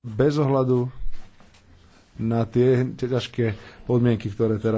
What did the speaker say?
bez ohľadu na tie, ťažké podmienky, ktoré teraz